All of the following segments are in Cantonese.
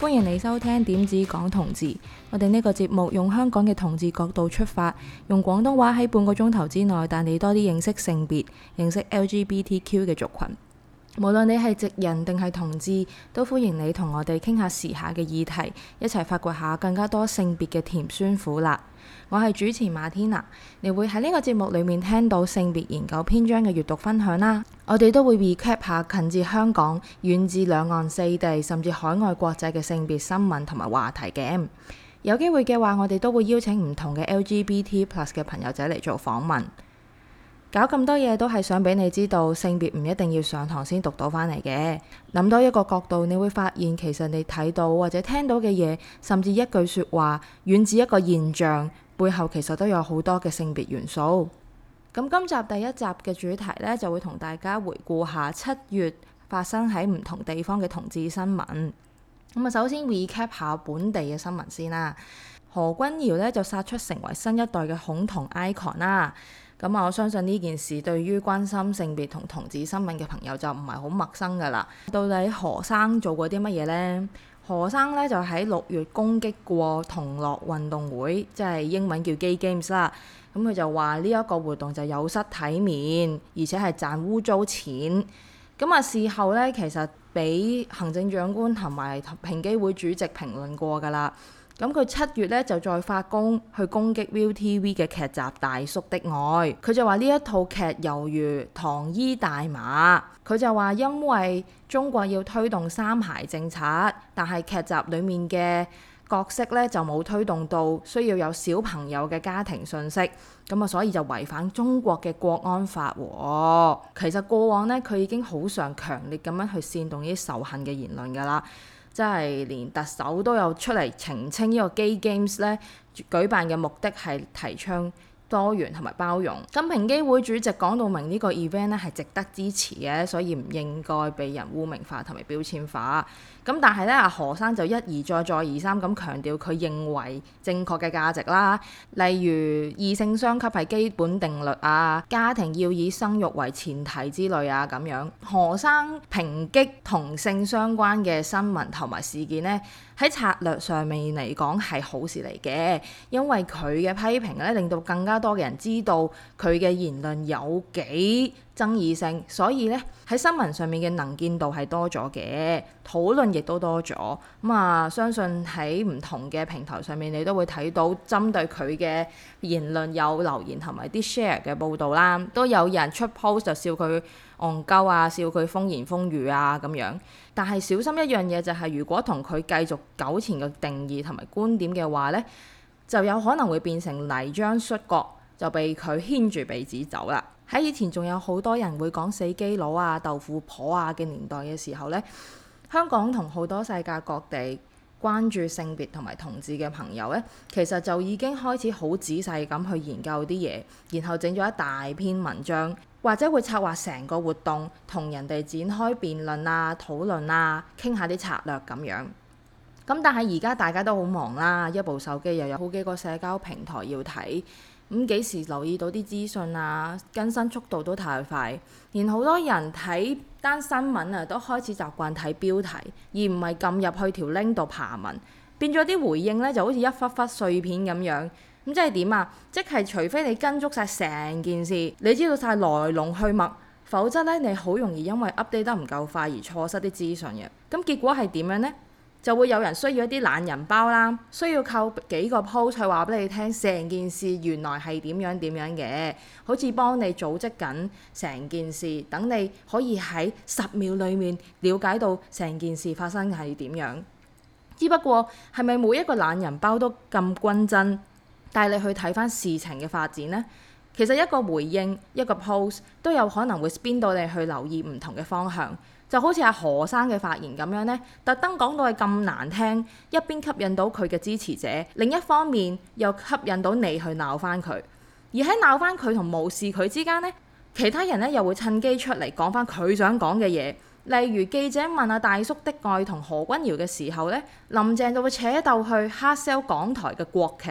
歡迎你收聽點止港同志，我哋呢個節目用香港嘅同志角度出發，用廣東話喺半個鐘頭之內帶你多啲認識性別，認識 LGBTQ 嘅族群。無論你係直人定係同志，都歡迎你同我哋傾下時下嘅議題，一齊發掘下更加多性別嘅甜酸苦辣。我係主持馬天娜，你會喺呢個節目裡面聽到性別研究篇章嘅閱讀分享啦。我哋都會 recap 下近至香港、遠至兩岸四地甚至海外國際嘅性別新聞同埋話題嘅。有機會嘅話，我哋都會邀請唔同嘅 LGBT plus 嘅朋友仔嚟做訪問。搞咁多嘢都係想俾你知道，性別唔一定要上堂先讀到翻嚟嘅。諗多一個角度，你會發現其實你睇到或者聽到嘅嘢，甚至一句說話，遠至一個現象背後其實都有好多嘅性別元素。咁、嗯、今集第一集嘅主題呢，就會同大家回顧下七月發生喺唔同地方嘅同志新聞。咁、嗯、啊，首先 recap 下本地嘅新聞先啦。何君堯呢，就殺出成為新一代嘅恐同 icon 啦。咁啊、嗯，我相信呢件事對於關心性別同同志新聞嘅朋友就唔係好陌生㗎啦。到底何生做過啲乜嘢呢？何生咧就喺六月攻擊過同樂運動會，即係英文叫 Gay Games 啦。咁、嗯、佢就話呢一個活動就有失體面，而且係賺污糟錢。咁、嗯、啊，事後咧其實俾行政長官同埋平機會主席評論過㗎啦。咁佢七月咧就再發功去攻擊 ViuTV 嘅劇集《大叔的愛》，佢就話呢一套劇猶如糖衣大麻，佢就話因為中國要推動三孩政策，但係劇集裡面嘅角色咧就冇推動到需要有小朋友嘅家庭信息，咁啊所以就違反中國嘅國安法喎。其實過往呢，佢已經好常強烈咁樣去煽動啲仇恨嘅言論㗎啦。即係連特首都有出嚟澄清，呢個 gay games 咧舉辦嘅目的係提倡多元同埋包容。咁平機會主席講到明呢個 event 咧係值得支持嘅，所以唔應該被人污名化同埋標籤化。咁但係咧，阿何生就一而再，再而三咁強調佢認為正確嘅價值啦，例如異性相吸係基本定律啊，家庭要以生育為前提之類啊咁樣。何生抨擊同性相關嘅新聞同埋事件咧，喺策略上面嚟講係好事嚟嘅，因為佢嘅批評咧令到更加。多嘅人知道佢嘅言論有幾爭議性，所以咧喺新聞上面嘅能見度係多咗嘅，討論亦都多咗。咁、嗯、啊，相信喺唔同嘅平台上面，你都會睇到針對佢嘅言論有留言同埋啲 share 嘅報道啦，都有人出 post 就笑佢戇鳩啊，笑佢風言風語啊咁樣。但係小心一樣嘢就係、是、如果同佢繼續糾纏嘅定義同埋觀點嘅話咧。就有可能會變成泥漿摔角，就被佢牽住鼻子走啦。喺以前仲有好多人會講死基佬啊、豆腐婆啊嘅年代嘅時候呢，香港同好多世界各地關注性別同埋同志嘅朋友呢，其實就已經開始好仔細咁去研究啲嘢，然後整咗一大篇文章，或者會策劃成個活動，同人哋展開辯論啊、討論啊、傾下啲策略咁樣。咁但係而家大家都好忙啦，一部手機又有好幾個社交平台要睇，咁幾時留意到啲資訊啊？更新速度都太快，連好多人睇單新聞啊都開始習慣睇標題，而唔係撳入去條 link 度爬文，變咗啲回應呢就好似一忽忽碎片咁樣。咁即係點啊？即係除非你跟足晒成件事，你知道晒來龍去脈，否則呢，你好容易因為 update 得唔夠快而錯失啲資訊嘅。咁結果係點樣呢？就會有人需要一啲懶人包啦，需要靠幾個鋪去話俾你聽，成件事原來係點樣點樣嘅，好似幫你組織緊成件事，等你可以喺十秒裡面了解到成件事發生係點樣。只不過係咪每一個懶人包都咁均真，帶你去睇翻事情嘅發展呢？其實一個回應一個 post 都有可能會 spin 到你去留意唔同嘅方向，就好似阿何生嘅發言咁樣呢特登講到係咁難聽，一邊吸引到佢嘅支持者，另一方面又吸引到你去鬧翻佢。而喺鬧翻佢同無視佢之間呢其他人呢又會趁機出嚟講翻佢想講嘅嘢。例如記者問阿大叔的愛同何君堯嘅時候呢林鄭就會扯一去 hard sell 港台嘅國劇。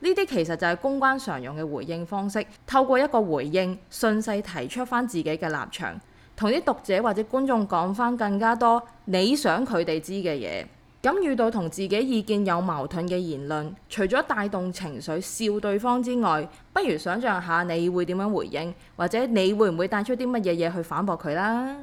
呢啲其實就係公關常用嘅回應方式，透過一個回應，順勢提出翻自己嘅立場，同啲讀者或者觀眾講翻更加多你想佢哋知嘅嘢。咁遇到同自己意見有矛盾嘅言論，除咗帶動情緒笑對方之外，不如想像下你會點樣回應，或者你會唔會帶出啲乜嘢嘢去反駁佢啦？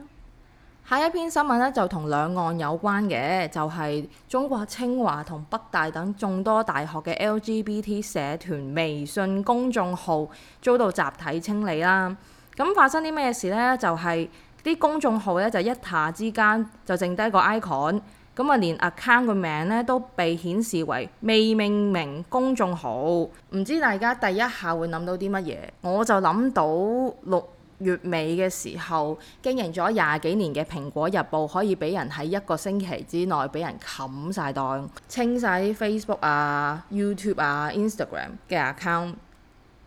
下一篇新聞咧，就同兩岸有關嘅，就係、是、中國清華同北大等眾多大學嘅 LGBT 社團微信公眾號遭到集體清理啦。咁、嗯、發生啲咩事呢？就係、是、啲公眾號咧就一下之間就剩低個 icon，咁啊連 account 個名咧都被顯示為未命名公眾號。唔知大家第一下會諗到啲乜嘢？我就諗到六月尾嘅時候，經營咗廿幾年嘅《蘋果日報》可以俾人喺一個星期之內俾人冚晒檔、清晒 Facebook 啊、YouTube 啊、Instagram 嘅 account。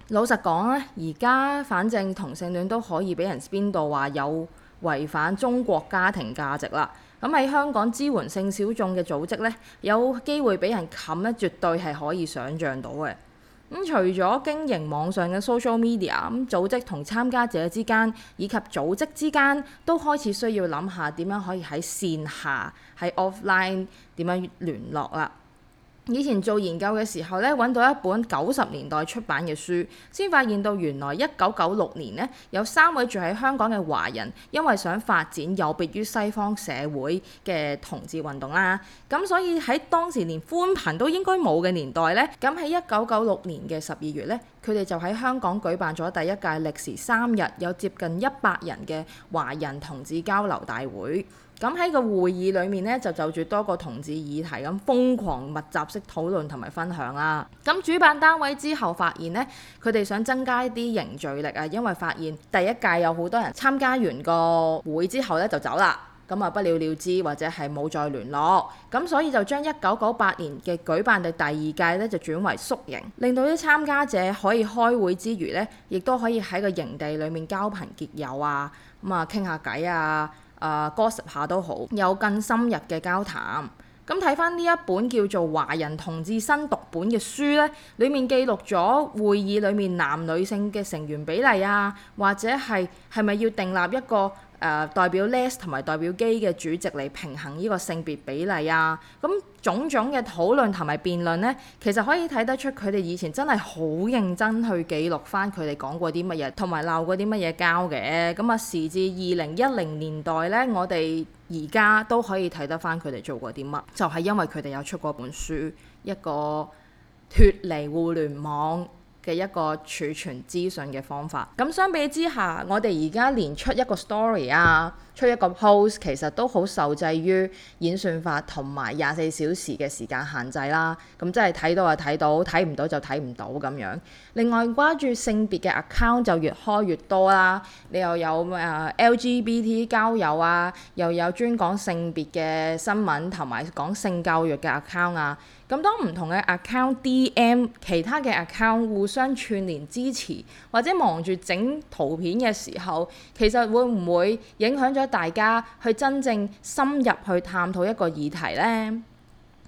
老實講咧，而家反正同性戀都可以俾人 spin 到話有違反中國家庭價值啦。咁喺香港支援性小眾嘅組織呢，有機會俾人冚咧，絕對係可以想像到嘅。咁除咗經營網上嘅 social media，咁組織同參加者之間，以及組織之間，都開始需要諗下點樣可以喺線下，喺 offline 點樣聯絡啦。以前做研究嘅時候咧，揾到一本九十年代出版嘅書，先發現到原來一九九六年呢，有三位住喺香港嘅華人，因為想發展有別於西方社會嘅同志運動啦，咁所以喺當時連寬頻都應該冇嘅年代呢，咁喺一九九六年嘅十二月呢，佢哋就喺香港舉辦咗第一屆歷時三日、有接近一百人嘅華人同志交流大會。咁喺個會議裏面咧，就就住多個同志議題咁瘋狂密集式討論同埋分享啦。咁主辦單位之後發現呢，佢哋想增加啲凝聚力啊，因為發現第一屆有好多人參加完個會之後咧就走啦，咁啊不了了之或者係冇再聯絡，咁所以就將一九九八年嘅舉辦嘅第二屆咧就轉為宿營，令到啲參加者可以開會之餘咧，亦都可以喺個營地裏面交朋結友啊，咁啊傾下偈啊。誒、uh, gossip 下都好，有更深入嘅交談。咁睇翻呢一本叫做《華人同志新讀本》嘅書呢，裡面記錄咗會議裡面男女性嘅成員比例啊，或者係係咪要訂立一個？誒、呃、代表 Les 同埋代表 G 嘅主席嚟平衡呢個性別比例啊，咁、嗯、種種嘅討論同埋辯論呢，其實可以睇得出佢哋以前真係好認真去記錄翻佢哋講過啲乜嘢，同埋鬧過啲乜嘢交嘅。咁、嗯、啊，時至二零一零年代呢，我哋而家都可以睇得翻佢哋做過啲乜，就係、是、因為佢哋有出過本書，一個脫離互聯網嘅一個儲存資訊嘅方法。咁相比之下，我哋而家連出一個 story 啊，出一個 post，其實都好受制於演算法同埋廿四小時嘅時間限制啦。咁即係睇到就睇到，睇唔到就睇唔到咁樣。另外，關注性別嘅 account 就越開越多啦。你又有啊 LGBT 交友啊，又有專講性別嘅新聞，同埋講性教育嘅 account 啊。咁當唔同嘅 account DM 其他嘅 account 互相串連支持，或者忙住整圖片嘅時候，其實會唔會影響咗大家去真正深入去探討一個議題呢？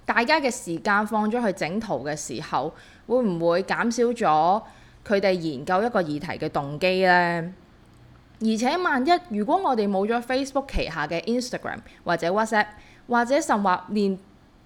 大家嘅時間放咗去整圖嘅時候，會唔會減少咗佢哋研究一個議題嘅動機呢？而且萬一如果我哋冇咗 Facebook 旗下嘅 Instagram 或者 WhatsApp，或者甚或話連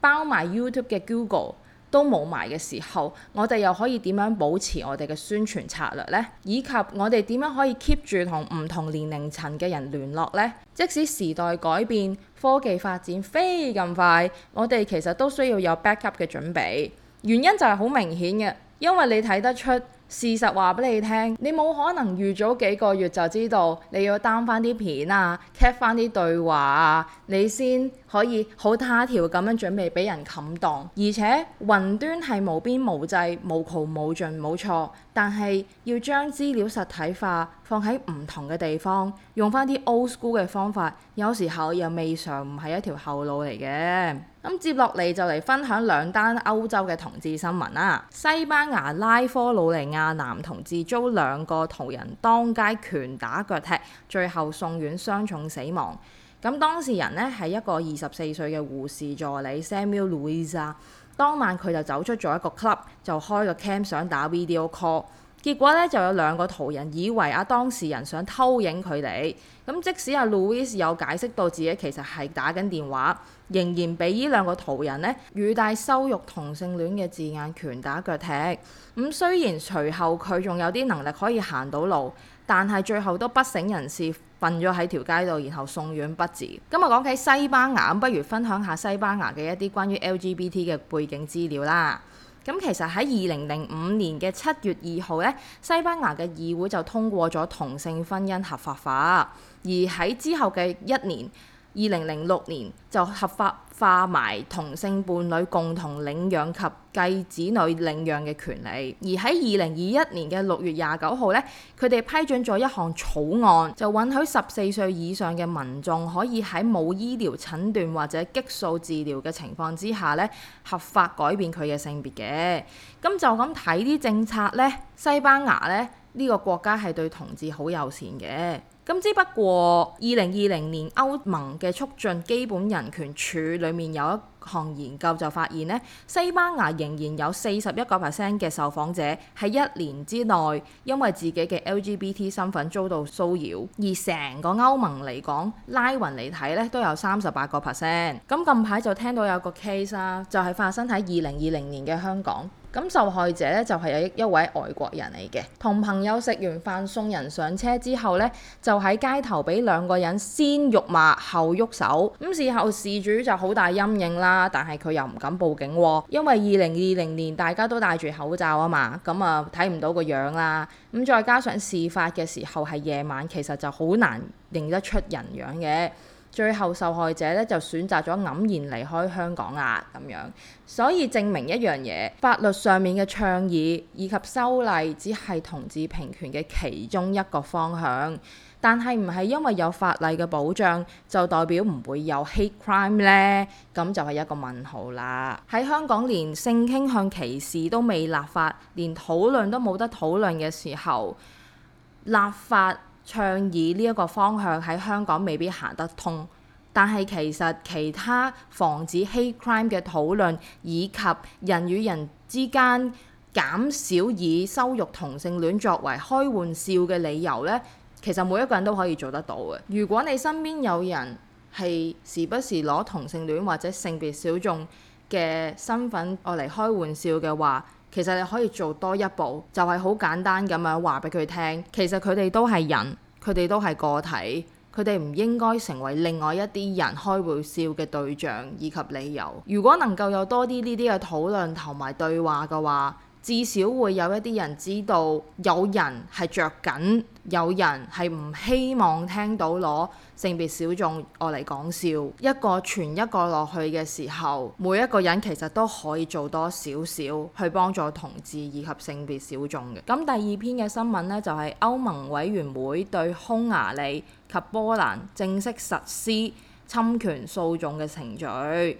包埋 YouTube 嘅 Google 都冇埋嘅時候，我哋又可以點樣保持我哋嘅宣傳策略呢？以及我哋點樣可以 keep 住同唔同年齡層嘅人聯絡呢？即使時代改變、科技發展飛咁快，我哋其實都需要有 back up 嘅準備。原因就係好明顯嘅，因為你睇得出事實話俾你聽，你冇可能預早幾個月就知道你要 down 翻啲片啊、cap 翻啲對話啊，你先。可以好他一條咁樣準備俾人冚檔，而且雲端係無邊無際、無窮無盡無，冇錯。但係要將資料實體化，放喺唔同嘅地方，用翻啲 old school 嘅方法，有時候又未嘗唔係一條後路嚟嘅。咁、嗯、接落嚟就嚟分享兩單歐洲嘅同志新聞啦。西班牙拉科魯尼亞男同志遭兩個途人當街拳打腳踢，最後送院傷重死亡。咁當事人咧係一個二十四歲嘅護士助理 Samuel Luis 啊，當晚佢就走出咗一個 club，就開個 cam 想打 video call，結果咧就有兩個途人以為啊當事人想偷影佢哋，咁即使阿 Luis 有解釋到自己其實係打緊電話，仍然俾呢兩個途人呢語帶羞辱同性戀嘅字眼，拳打腳踢。咁雖然隨後佢仲有啲能力可以行到路，但係最後都不省人事。瞓咗喺條街度，然後送院不治。咁啊，講起西班牙咁，不如分享下西班牙嘅一啲關於 LGBT 嘅背景資料啦。咁其實喺二零零五年嘅七月二號咧，西班牙嘅議會就通過咗同性婚姻合法化，而喺之後嘅一年，二零零六年就合法化埋同性伴侶共同領養及繼子女領養嘅權利，而喺二零二一年嘅六月廿九號呢，佢哋批准咗一項草案，就允許十四歲以上嘅民眾可以喺冇醫療診斷或者激素治療嘅情況之下呢，合法改變佢嘅性別嘅。咁就咁睇啲政策呢，西班牙呢。呢個國家係對同志好友善嘅，咁之不過，二零二零年歐盟嘅促進基本人權署裡面有一項研究就發現呢，西班牙仍然有四十一個 percent 嘅受訪者喺一年之內因為自己嘅 LGBT 身份遭到騷擾，而成個歐盟嚟講拉勻嚟睇咧，都有三十八個 percent。咁近排就聽到有個 case 啦，就係發生喺二零二零年嘅香港。咁受害者咧就係一一位外國人嚟嘅，同朋友食完飯送人上車之後咧，就喺街頭俾兩個人先辱罵後喐手。咁事後事主就好大陰影啦，但係佢又唔敢報警，因為二零二零年大家都戴住口罩啊嘛，咁啊睇唔到個樣啦。咁再加上事發嘅時候係夜晚，其實就好難認得出人樣嘅。最後受害者咧就選擇咗黯然離開香港啦，咁樣，所以證明一樣嘢，法律上面嘅倡議以及修例只係同志平權嘅其中一個方向，但係唔係因為有法例嘅保障就代表唔會有 hate crime 咧？咁就係一個問號啦。喺香港連性傾向歧視都未立法，連討論都冇得討論嘅時候，立法，倡議呢一個方向喺香港未必行得通，但係其實其他防止 hate crime 嘅討論，以及人與人之間減少以羞辱同性戀作為開玩笑嘅理由呢，其實每一個人都可以做得到嘅。如果你身邊有人係時不時攞同性戀或者性別小眾嘅身份愛嚟開玩笑嘅話，其實你可以做多一步，就係、是、好簡單咁樣話俾佢聽。其實佢哋都係人，佢哋都係個體，佢哋唔應該成為另外一啲人開玩笑嘅對象以及理由。如果能夠有多啲呢啲嘅討論同埋對話嘅話，至少會有一啲人知道，有人係着緊，有人係唔希望聽到攞性別小眾我嚟講笑，一個傳一個落去嘅時候，每一個人其實都可以做多少少去幫助同志以及性別小眾嘅。咁第二篇嘅新聞呢，就係歐盟委員會對匈牙利及波蘭正式實施侵權訴訟嘅程序。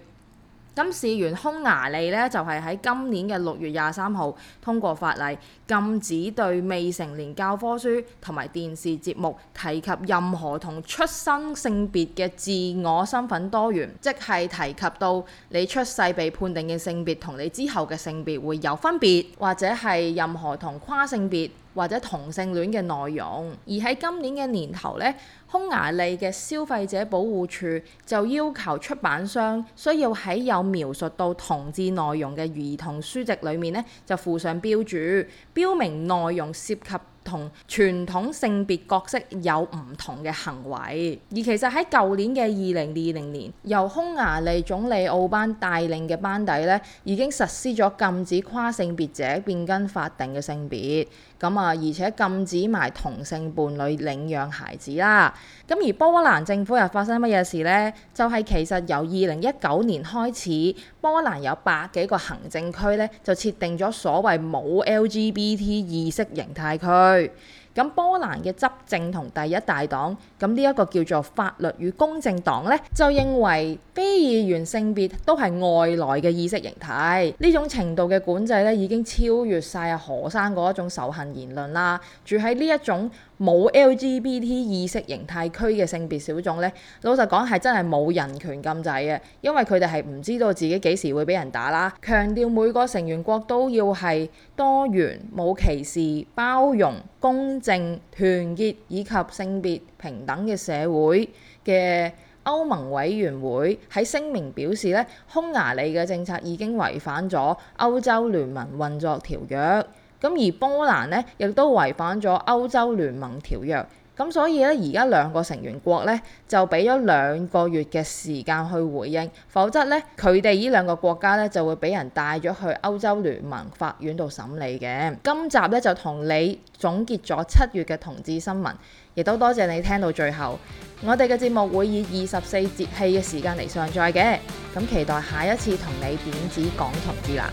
咁，事源匈牙利咧，就係、是、喺今年嘅六月廿三號通過法例，禁止對未成年教科書同埋電視節目提及任何同出生性別嘅自我身份多元，即係提及到你出世被判定嘅性別同你之後嘅性別會有分別，或者係任何同跨性別或者同性戀嘅內容。而喺今年嘅年頭呢。匈牙利嘅消費者保護處就要求出版商需要喺有描述到同志內容嘅兒童書籍裏面呢，就附上標注，標明內容涉及同傳統性別角色有唔同嘅行為。而其實喺舊年嘅二零二零年，由匈牙利總理奧班帶領嘅班底呢，已經實施咗禁止跨性別者變更法定嘅性別，咁啊，而且禁止埋同性伴侶領養孩子啦。咁而波蘭政府又發生乜嘢事呢？就係、是、其實由二零一九年開始，波蘭有百幾個行政區咧，就設定咗所謂冇 LGBT 意識形態區。咁波蘭嘅執政同第一大黨，咁呢一個叫做法律與公正黨呢，就認為非二元性別都係外來嘅意識形態。呢種程度嘅管制咧，已經超越晒何生嗰一種仇恨言論啦。住喺呢一種，冇 LGBT 意識形態區嘅性別小眾咧，老實講係真係冇人權禁制嘅，因為佢哋係唔知道自己幾時會俾人打啦。強調每個成員國都要係多元、冇歧視、包容、公正、團結以及性別平等嘅社會嘅歐盟委員會喺聲明表示咧，匈牙利嘅政策已經違反咗歐洲聯盟運作條約。咁而波蘭呢，亦都違反咗歐洲聯盟條約。咁所以咧，而家兩個成員國呢，就俾咗兩個月嘅時間去回應，否則呢，佢哋呢兩個國家呢，就會俾人帶咗去歐洲聯盟法院度審理嘅。今集呢，就同你總結咗七月嘅同志新聞，亦都多謝你聽到最後。我哋嘅節目會以二十四節氣嘅時間嚟上載嘅，咁期待下一次同你點子講同志點止港同志啦。